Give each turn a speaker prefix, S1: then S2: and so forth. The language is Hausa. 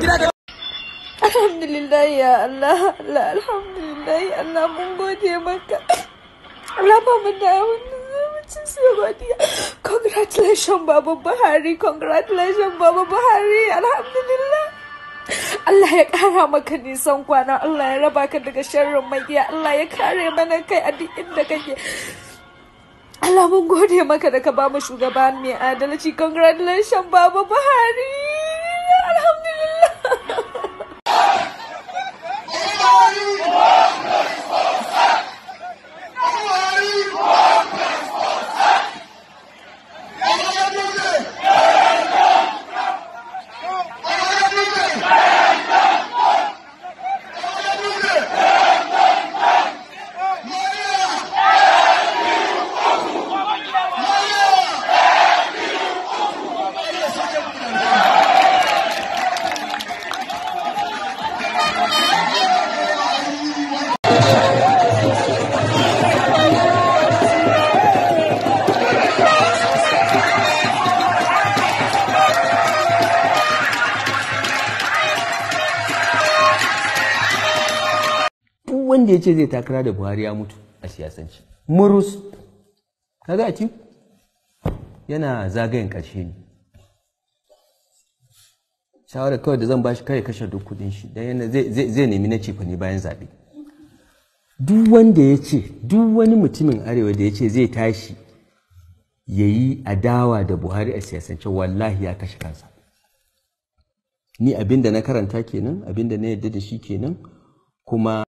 S1: gida da alhamdulillah ya Allah Allah alhamdulillah ya Allah mun gode maka Allah ba mu da wannan zumuncin godiya congratulations baba Buhari congratulations baba Buhari alhamdulillah Allah ya kara maka nisan kwana Allah ya raba ka daga sharrin magiya Allah ya kare mana kai a duk inda kake Allah mun gode maka da ka ba mu shugaba mai adalci congratulations baba Buhari
S2: wanda ya ce zai takara da buhari ya mutu a siyasanci murus kaga a yana zagayen ƙarshe ne shawarar kawai da zan bashi kai kashe duk kudin shi dan yana zai nemi na cefa ne bayan zaɓe duk wanda ya ce duk wani mutumin arewa da ya ce zai tashi ya yi adawa da buhari a siyasance wallahi ya kashe kansa ni abinda na karanta kenan abinda na yadda da shi kenan kuma